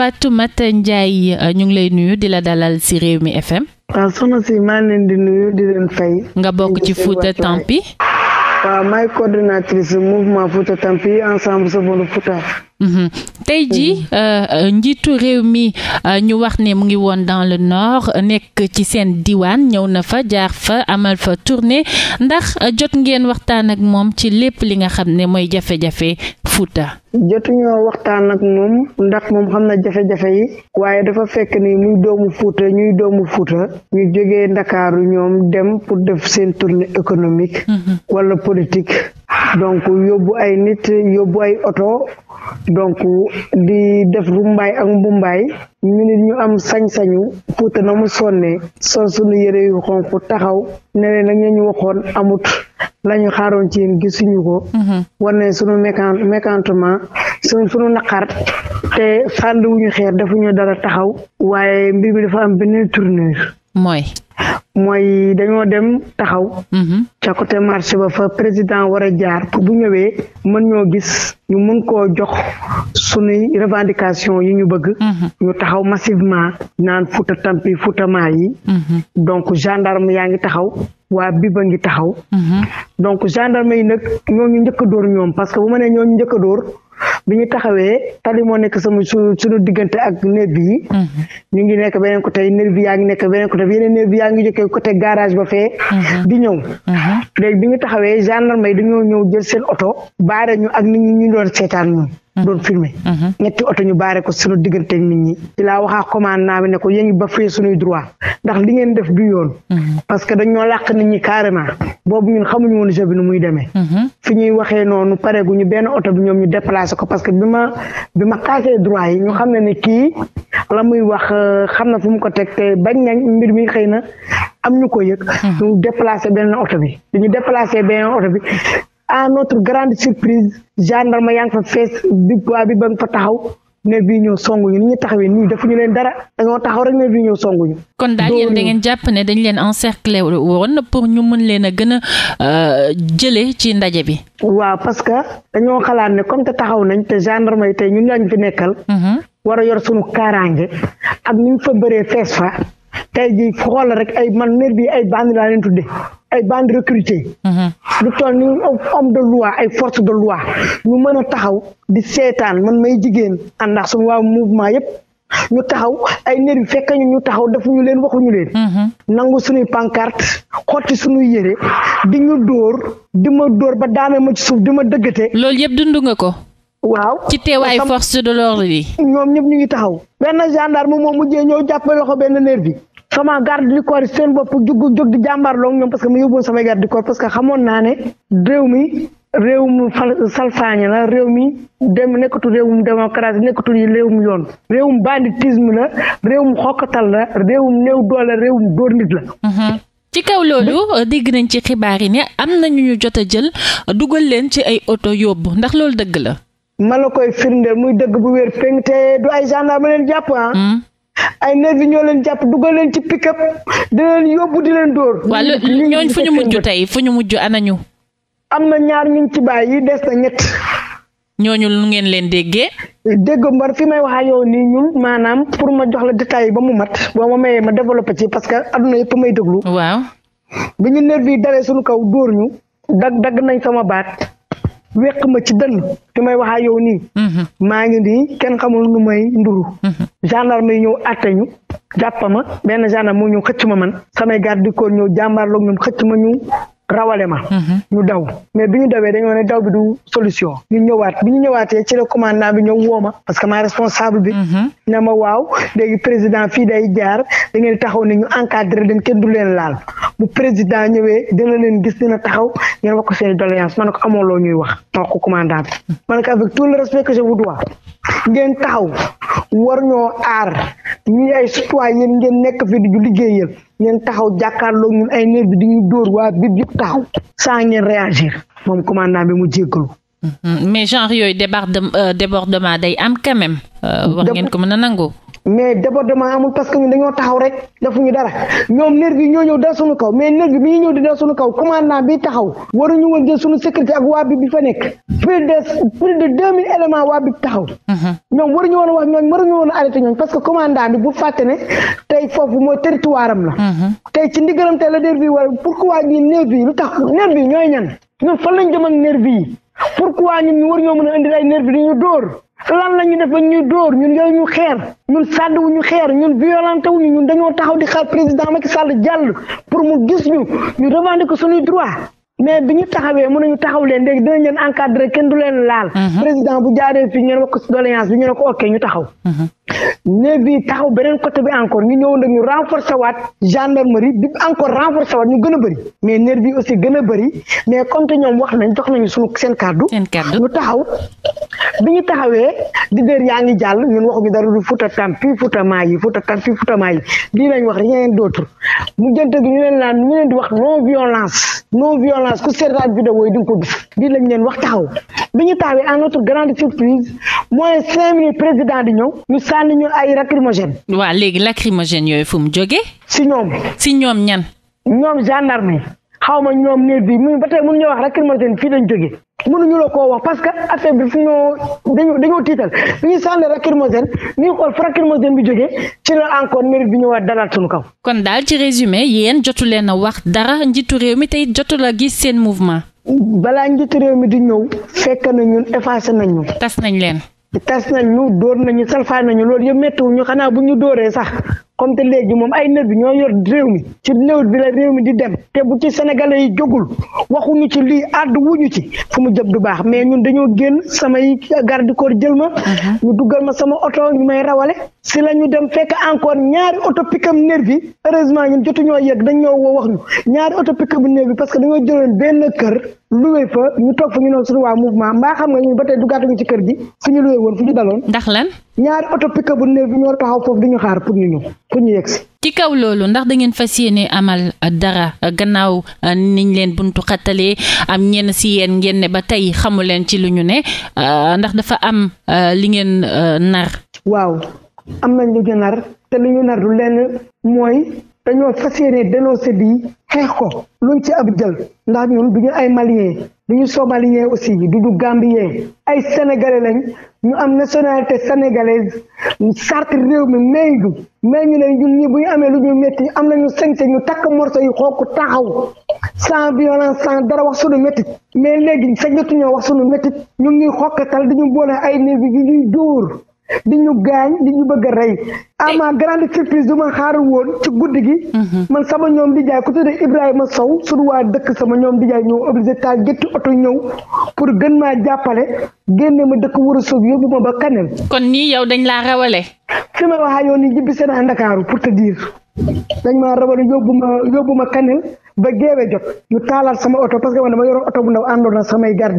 Fatoumata Ndiaye euh, ñu ngi lay nuyu di la dalal ci Rewmi FM. waaw soxna si di nuyu di leen nga bokk ci Fouta Tampi. waaw maay coordonnatrice mouvement mhm. tey jii euh, euh, njiitu réew mi ñu wax ne mu ngi woon dans le nord nekk ci seen diwaan ñëw na fa jaar fa amal fa tournée ndax jot ngeen waxtaan ak moom ci lépp li nga xam ne mooy jafe-jafe Fouta. jotuñoo waxtaan ak moom ndax moom xam na jafe-jafe yi waaye dafa fekk ni muy doomu Fouta ñuy doomu Fouta ñu jógee Ndakaaru ñoom dem pour def seen tournée économique. Mhm. wala politique ah. donc yóbbu ay nit yóbbu ay oto. donc di def rumbaay ak mbumbaay ñu nit ñu am sañ-sañu Fuuta na mu sonnee soo sunu yëre yu xonq taxaw ne leen nag ñu waxoon amut lañu xaaroon ci yéen gisuñu ko mhm. war ne sunu mécan mécontentement sunu sunu naqar te fànn wuñu xeer defuñu dara taxaw waaye mbir mi dafa am beneen tournure mooy. mooy dañoo dem taxaw. Mm-hmm. ca côté marché ba fa président war a jaar pour bu ñëwee man ñoo gis ñu mën koo jox sunuy revendication yi ñu bëgg. Mm-hmm. ñu taxaw massivement naan futa tampi futa maa yi. Mm-hmm. donc gendarme yaa ngi taxaw waa bi a ngi taxaw. donc gendarme yi nag ñooñu njëkk a dóor ñoom parce que bu manee nee ñooñu njëkk a dóor. bi ñu taxawee tali moo nekk sama su suñu diggante ak nervi yi mhm. ñu ngi nekk beneen côté nervi yaa ngi nekk beneen côté yeneen nervi yaa ngi jógee côté garage ba fee mhm. di ñëw mhm. léegi bi ñu taxawee gendarme yi dañoo ñëw jël seen oto baare ñu ak nit ñi ñu doon seetaan ñun Mm-hmm. doon filmer mm-hmm. ñetti oto ñu baare ko suñu diggante nit ñi ci laa waxaa commandant bi ne ko yéen ngi ba fee suñuy droit ndax li ngeen def du yoon mm-hmm. parce que dañoo làq nit nu muy demee fi ñuy waxee oto bi ñoom ñu déplacé ko parce que bi ma bi ma kaasee droit yi ñu xam ne ne kii la muy wax euh, xam na fu mu ko teg te bañ nañ mbir mi xëy na am ñu ko yëg ñu déplacé benn oto bi dañu déplacé benn oto bi à notre grande surprise gendarme yaa ngi fa fees bi waa bi ba nga fa taxaw ne bii ñëw songuñu ni ñu taxawee nii defuñu leen dara dañoo taxaw rek ne bii songu ñu kon daal yéen da ngeen jàpp ne dañ leen encercler woon pour ñu mën leen a gën a euh, jëlee ci ndaje bi. waa parce que dañoo xalaat ne comme te taxaw nañ te gendarme yi tey ñun lañ fi nekkal. Mm-hmm. war a yor sunu kaaraange ak ni ñu fa bëree fees fa tey jii xool rek ay man maire bi ay bandi laa leen tuddee. ay bande recruté mm-hmm. lu toll ni homme de loi ay force de loi ñu mën a taxaw di seetaan man may jigéen ànd ak waaw waa mouvement yépp ñu taxaw ay nervi fekk ñu ñu taxaw defu ñu leen waxuñu leen mm-hmm. nangu suñuy pancarte xotti suñuy yére di ñu dóor di ma dóor ba daana ma ci suuf di ma dëggate loolu yëpp dund nga ko waaw ci teewaay force de l'ordre yi ñoom ñëpp ñu ngi taxaw benn gendarme moom mujjee ñëw jàpp loxo benn nervi xamaa garde du corps yi seen bopp jug jóg di jàmbaarloo ñoom parce que mu yóbboon samay garde du corps xamoon naa ne réew mi réew mu salfaañe la réew mi dem nekkatul réewum démocratie nekkatul yi réewum yoon réewum banditisme la réewum xokkatal la réewum néew doole réewum dóor nit la mhm. ci kaw loolu euh, dégg nañ ci xibaar yi ne am na ñu ñu jot a jël dugal leen ci ay oto yóbbu ndax loolu dëgg la ma la koy firndeel muy dëgg bu wér péng te du ay gendarme leen jàpp ah mhm. ay nervi ñoo leen jàpp dugal leen ci pick-up di leen yóbbu di leen dóor. waa ñooñ fu ñu mujj tey fu ñu mujj anañu. am na ñaar ñu ci bàyyi yi des na ñett. ñooñu lu ngeen leen déggee. dégg mbar fi may wax ak yow nii ñun maanaam pour ma jox la détails yi ba mu mat boo ma mayee ma développé ci parce que aduna yëpp may déglu. waaw. bi ñu nervi yi dalee kaw dóor ñu. dagg nañ sama baat. wéq ci dënn fi may wax ak yow nii. Mhm. maa ngi nii kenn xamul nu may nduru. Mhm. gendarme yi ñëw àtte ñu jàpp ma benn gendarme moo ñëw xëcc ma man samay garde du ñëw ñëw jàmbaarloog ñoom xëcc ma ñu rawale ma. Mhm. ñu daw mais bi ñu dawee dañoo ne daw bi du solution. ñu ñëwaat bi ñu ñëwaatee ci la commandant bi ñëw woo ma parce que maa responsable bi. Mhm. ne ma waaw léegi président fii day jaar da ngeen taxaw ni ñu encadré dem kenn du leen laal bu président ñëwee dina leen gis dina taxaw ngeen wax ko seen doléance ma ne ko loo ñuy wax ma wax ko commandant bi. Mhm. ma taxaw. war ñoo aar ñi ay citoyen yéen ngeen nekk fi di ñu liggéeyal ngeen taxaw jàkkaarloo ñun ay nerf bi di ñu dóor waa bib yëpp taxaw sans ngeen réagir moom commandant bi mu jéggalu mm-hmm. mais genre yooyu euh, débordement day am quand même. Euh, war ngeen ko mën a nangu. mais débordement amul parce que ñun dañoo taxaw rek ñu dara ñoom nervi ñoo ñëw da suñu kaw mais nervi bi ñu ñëw suñu kaw commandant bi taxaw waruñu woon jël suñu sécurité ak waa bi bi fa nekk plus de plus de deux mille éléments waa bi taxaw mhm. ñoom woon wax ñooñ waruñu woon que commandant bi bu fàtte ne tey foofu mooy territoire am la mhm. tey ci ndigalam tey la nervi war pourquoi ñun nervi yi lu tax nervi yi ñooy ñan ñun fan lañ jëm ak nervi yi pourquoi ñun ñu war ñoo mën a indi ay nervi ñu dóor lan la ñu def ba ñu dóor ñun yooyu ñu xeer ñun sàdd wu ñu xeer ñun violenté wu ñu ñun dañoo taxaw di xaar président Macky Sall jàll pour mu gis ñu ñu revendiquer suñuy droit mais bi ñu taxawee mun nañu taxaw leen léegi dinañ leen encadré kenn du leen laal. Mhm. président bu jaaree fii ngeen wax ko ñu ne ko ok ñu taxaw. Mhm. bi taxaw beneen côté bi encore ñu ñëwoon rek ñu renforcer waat gendarmerie bi encore renforcer waat ñu gën a bëri mais nervi yi aussi gën a bëri mais comme te ñoom wax nañ jox nañu suñu seen kàddu. seen kàddu ñu taxaw bi ñu taxawee di déer yaa ngi jàll ñun waxuñu dara du futa tampi futa maa yi futa tampi futa maa yi lii lañ wax rien d'autre mu jënte gi ñu leen naan ñu leen di wax non violence non violence ku seetaan vidéo yi di nga ko gis lii lañ leen wax taxaw bi ñu taxawee en notre grande surprise mooy cinq minutes président di ñëw ñu sànni ñu ay lacrymogène waa léegi lacrymogène yooyu fu mu jógee si ñoom si ñoom ñan ñoom gendarme xaw ma ñoom néeg bi mu ba tey mënuñoo wax rek Kër fii lañ jógee mënuñu la koo wax parce que affaire bi fu ñoo dañoo dañoo tiital bi ñu sànni rek Kër Masène ñu xool fa Kër Masène bi jógee ci la encore mérite bi ñu war dalal suñu kaw. kon daal ci résumé yéen jotu leen a wax dara njiitu réew mi tey jotu la gis seen mouvement. balaa njiitu réew mi di ñëw fekk na ñun effacé nañ ñu. tas nañ leen. tas nañ ñu dóor nañu salfaay nañu loolu yëpp méttiwuñu xanaa bu ñu dóoree sax. comme te léegi moom ay nervi ñoo yor réew mi ci néew bi la réew mi di dem te bu ci sénégalais yi jógul waxuñu ci lii àdd wuñu ci fu mu jëm du baax mais ñun dañoo génn samay garde corps jël ma uh-huh. ñu duggal ma sama oto ñu may rawale si la ñu dem fekk encore ñaari oto pikam nervi heureusement ñun jotuñoo yegg dañ ñoo woo wax ñu ñaari oto pikam nervi parce que dañoo jëloon benn kër loué fa ñu toog fa ñu noon suñu waa mouvement mbaa xam nga ñun ba tey duggaatuñu ci kër gi fu ñu loué woon fu ñu daloon ndax lan ñaari oto pick bu néew bi ñoo taxaw foofu duñu xaar pour ñu ñëw pour ñu yegsi ci kaw loolu ndax da ngeen fas yéene amal dara gannaaw euh, niñ leen buntu xattalee am ñenn si yéen ngeen ne ba tey xamu leen ci lu ñu ne euh, ndax dafa am euh, li ngeen nar. waaw am nañ lu ñu nar te lu ñu nar lu leen mooy dañoo fas yéene dénoncé bi xeex ko luñ ci ab jël ndax ñun duñu ay malien du ñu somalien aussi du du gambien ay sénégalais lañ ñu am nationalité sénégalaise charte réew mi may ñu may ñu ne ñun ñi bu ñu amee lu ñu métti am nañu sañ-sañ ñu takk morso yu xooku taxaw sans violence sans dara wax suñu métti mais léegi sañatuñoo wax suñu métti ñun ñuy xokkatal dañu boole ay néew yi ñuy dóor di ñu gaañ di ñu bëgg a rey à eh. ma grande surprise du ma xaar woon ci guddi gi mhm. man sama ñoom di jaay ku tudde Ibrahima Sow suñu waa dëkk sama ñoom di jaay ñoo obligé taal gétti oto ñëw pour gën maa jàppale génne ma dëkk war a soog yóbbu ma ba kanam kon nii yow dañ laa rawale fi ma waxaa yoon jibbi seen Ndakaaru pour te dire dañ maa rawale yóbbu ma yóbbu ma kanam ba géewe jot ñu taalaat sama oto parce que man dama yoroon oto bu ndaw àndoon samay garde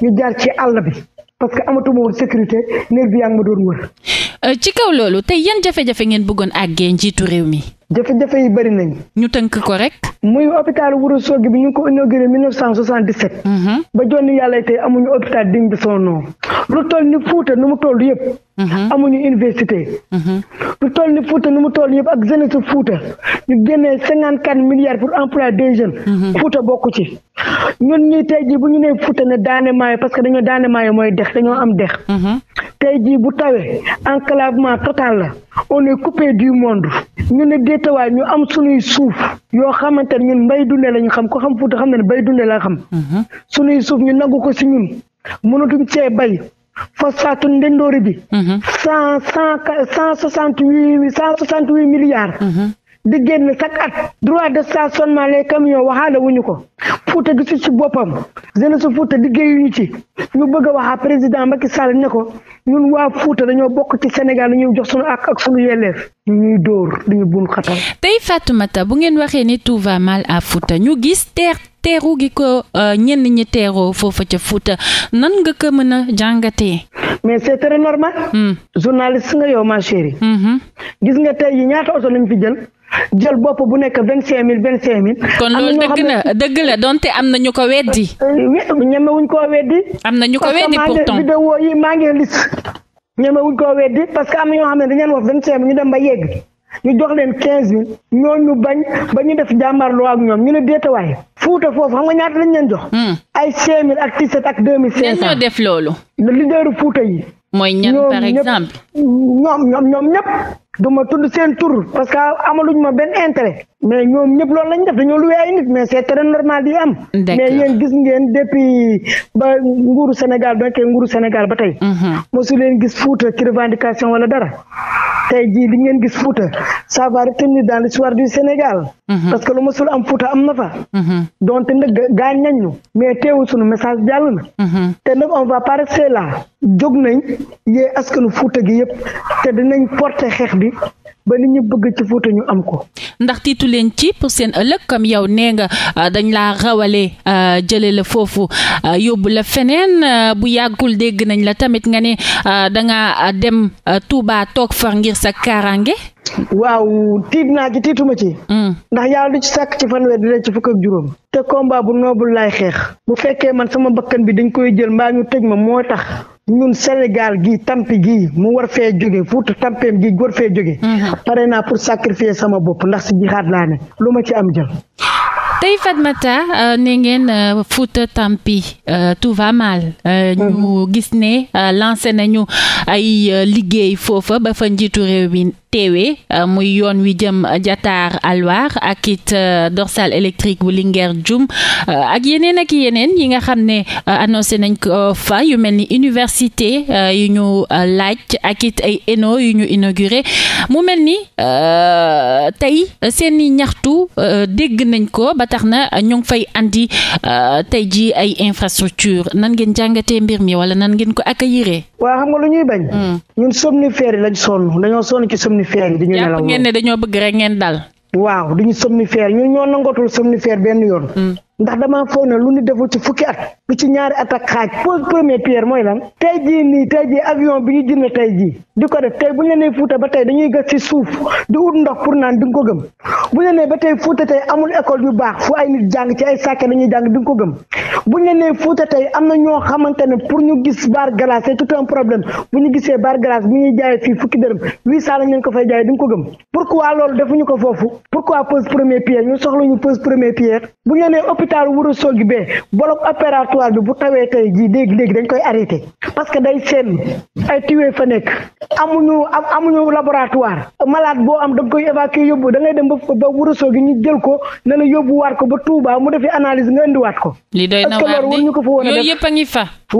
ñu jaar ci àll bi parce que amatuma woon sécurité nerf bi yaa ngi doon wër. Euh, ci kaw loolu tey yan jafe-jafe ngeen bëggoon àggee njiitu réew mi. jafe-jafe yi bëri nañ ñu tënk ko rek. muy hôpital Wuro Sogi bi ñu ko inauguré 1977. Mhm. ba jonni yàlla tey amuñu hôpital digne de son nom lu toll ni Fuuta nu mu toll yëpp. Mhm. amuñu université. Mhm. lu toll ni Fuuta nu mu toll yëpp ak jeunesse Fuuta ñu génnee cinquante quatre milliards pour emploi des jeunes. Fuuta bokku ci ñun ñii tey jii bu ñu nee Fuuta ne daane maayo parce que dañoo daane maayo mooy dex dañoo am dex. tey jii bu tawee enclavement total la on coupé du monde. ñu ne déetawaay ñu am suñuy suuf yoo xamante ne ñun mbay dundee la ñu xam ko xam Fuuta xam ne mbay dundee la xam. Mm-hmm. suñuy suuf ñu nangu ko si ñun mënatuñ cee bay phosphate ndendoori bi. Mm-hmm. cent cent soixante huit cent soixante huit milliards. Mm-hmm. di génn chaque at droit de stationnement les camions waxaale wuñu ko Fouta gisul ci boppam jeunesse Fouta liggéeyuñu ci ñu bëgg a waxaa président Macky Sall ne ko ñun waa Fouta dañoo bokk ci Sénégal dañuy jox suñu ak ak suñu yelleef ñu ñuy dóor dañu bun xatal tey Fatoumata bu ngeen waxee ni tout va mal à Fouta ñu gis teer teeru gi ko euh, ñenn ñi teeroo foofa ca Fouta nan nga ko mën a jàngatee mais c'est très normal. Hmm. journaliste nga yow ma chérie. Hmm. gis nga tey yi ñaata oto lañ fi jël. jël bopp bu nekk vingt cinq mille vingt cinq mille. kon loolu dëgg na dëgg la donte am na ñu ko weddi. Eh, wuñ koo weddi. am na ñu ko weddi pourtant parce maa ngi lis ñemewuñ koo weddi parce que am na xam ne dañu leen wax vingt cinq mille ñu dem ba yegg. ñu jox leen quinze mille ñooñu bañ ba ñu def jàmmarloo ak ñoom ñu ne déetawaay fuuta foofu xam nga ñaata lañ leen jox. Hmm. ay cinq mille ak dix sept ak deux mille cinq cent. ñoo def loolu. leaderu fuuta yi. mooy ñan par exemple. ñoom ñoom ñoom ñëpp. du tudd seen tur parce que amaluñ ma benn intérêt mais ñoom ñëpp loolu lañ def dañoo luwee ay nit mais c'est très normal di am. mais yéen gis ngeen depuis ba nguuru Sénégal ba tey nguuru Sénégal ba tey. Mhm. mosu gis Fouta ci revendication dara. tey jii li ngeen gis Fouta ça va retenir dans l'histoire du Sénégal. Mhm. parce que lu mosul am Fouta am na fa. Mhm. donte nag gaañ nañ mais teewul sunu message jàll na. te nag on va pas rester là jóg nañ yee askanu Fouta gi yëpp te dinañ porter xeex bi. bi ba li ñu bëgg ci Fuuta ñu am ko. ndax tiitu leen ci pour seen ëllëg comme yow nee nga euh, dañ laa rawale euh, jële la foofu euh, yóbbu la feneen bu yàggul dégg nañ la tamit nga ne danga nga dem Touba toog far ngir sa kaaraange. waaw tiit naa ci ma ci. Hmm. ndax yàlla du ci sàkk ci fanweer dina ci fukk ak juróom. te combat bu noobul laay xeex. bu fekkee man sama bakkan bi dañ koy jël mbaa ñu tëj ma moo tax. ñun Sénégal gi tampi gi mu war fee jóge Fuuta tampeem gi war fee jóge mm-hmm. pare naa pour sacrifier sama bopp ndax si jihaad laa ne lu ma ci am jël tey Fatmata euh, ne ngeen euh, Fouta Tampi euh, tout va mal ñu mhm. gis ne lancé nañu ay liggéey foofa ba fa njiitu réew mi teewee muy yoon wi jëm Diatar Alwar ak it dorsale électrique bu Linguère Dioum ak yeneen ak yeneen yi nga xam ne annoncé nañ ko fa yu mel ni université yu ñu laaj ak it ay ENO yu ñu inauguré mu mel ni tey seen ñaxtu dégg nañ ko ba tax na ñu ngi fay andi euh, tey ji ay infrastructure nan ngeen jàngatee mbir mi wala nan ngeen ko accueillir. waaw xam nga lu ñuy bañ. Hmm. ñun somnifères yi lañ sonn dañoo sonn ci somnifères yi. dañu nelaw ngeen ne dañoo bëgg rek ngeen dal. waaw duñu somnifère ñun ñoo nangootul somnifère benn yoon. Hmm. ndax damaa foog na lu ñu deful ci fukki at. lu ci ñaari at ak xaaj pose première pierre mooy lan. tey jii nii tey jii avion bi ñu jënd tey ji di ko def tey bu ñu la Fuuta ba tey dañuy gas ci suuf di ut ndox pour naan di nga ko gëm bu ñu nee ba tey Fuuta tey amul école yu baax fu ay nit jàng ci ay sàkke dañuy jàng di nga ko gëm bu ñu nee Fuuta tey am na ñoo xamante ne pour ñu gis bar glace c'est tout un problème bu ñu gisee bar glace bu ñuy jaayee fii fukki dërëm huit cent lañ ko fay jaayee di nga ko gëm ko foofu pourquoi pose ñu soxla ñu pose première pierre bu ñu nee hôpital Wuro Sogi bee bloc opératoire bi bu tawee tey jii léegi-léegi dañ koy arrêté parce que day seen ay tuwee fa nekk amuñu amuñu laboratoire malade boo am da nga koy évacuer yóbbu da ngay dem ba ba Wourossogui gi ñu jël ko ne la yóbbuwaat ko ba Touba mu defi analyse nga indiwaat ko. li doy na waar de yooyu yëpp a ngi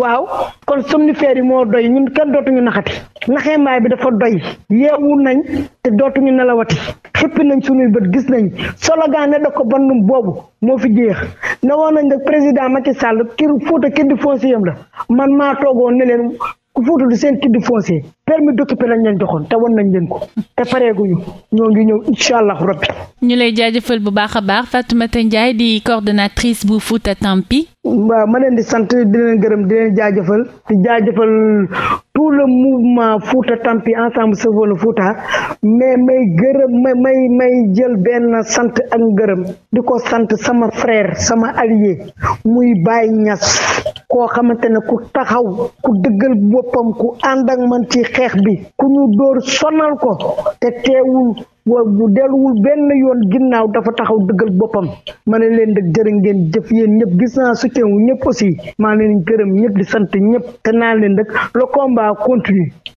waaw kon somnifère yi moo doy ñun kenn dootuñu naxati na mbaay bi dafa doy yeewu nañ te dootuñu nelawati xëpp nañ suñuy bët gis nañ slogan ne da ko bandum boobu moo fi jeex ne woon nañ nag président Macky Sall kii Fouta kii di foncier la man maa toogoon ne leen ku Fouta du seen kii di permis d'occuper a leen joxoon te wan nañ leen ko te pareeguñu ñoo ngi ñëw incha allah rabbi. ñu lay jaajëfal bu baax a baax Fatoumata njaay di coordonnatrice bu Fouta Tampi. waaw ma leen di sant di leen gërëm di leen jaajëfal di jaajëfal tout le mouvement Fouta Tampi ensemble Sauvons le Fouta mais may gërëm may may may jël benn sant ak ngërëm di ko sant sama frère sama allié muy Baye ñas koo xamante ne ku taxaw ku dëggal boppam ku ànd man ci xeex bi ku ñu dóor sonal ko te teewul bu delluwul benn yoon ginnaaw dafa taxaw dëgël boppam ma ne leen nag jërë ngeen jëf yéen ñëpp gis naa soutien wu ñëpp aussi maa leen gërëm ñëpp di sant ñëpp te naa leen nag le combat continue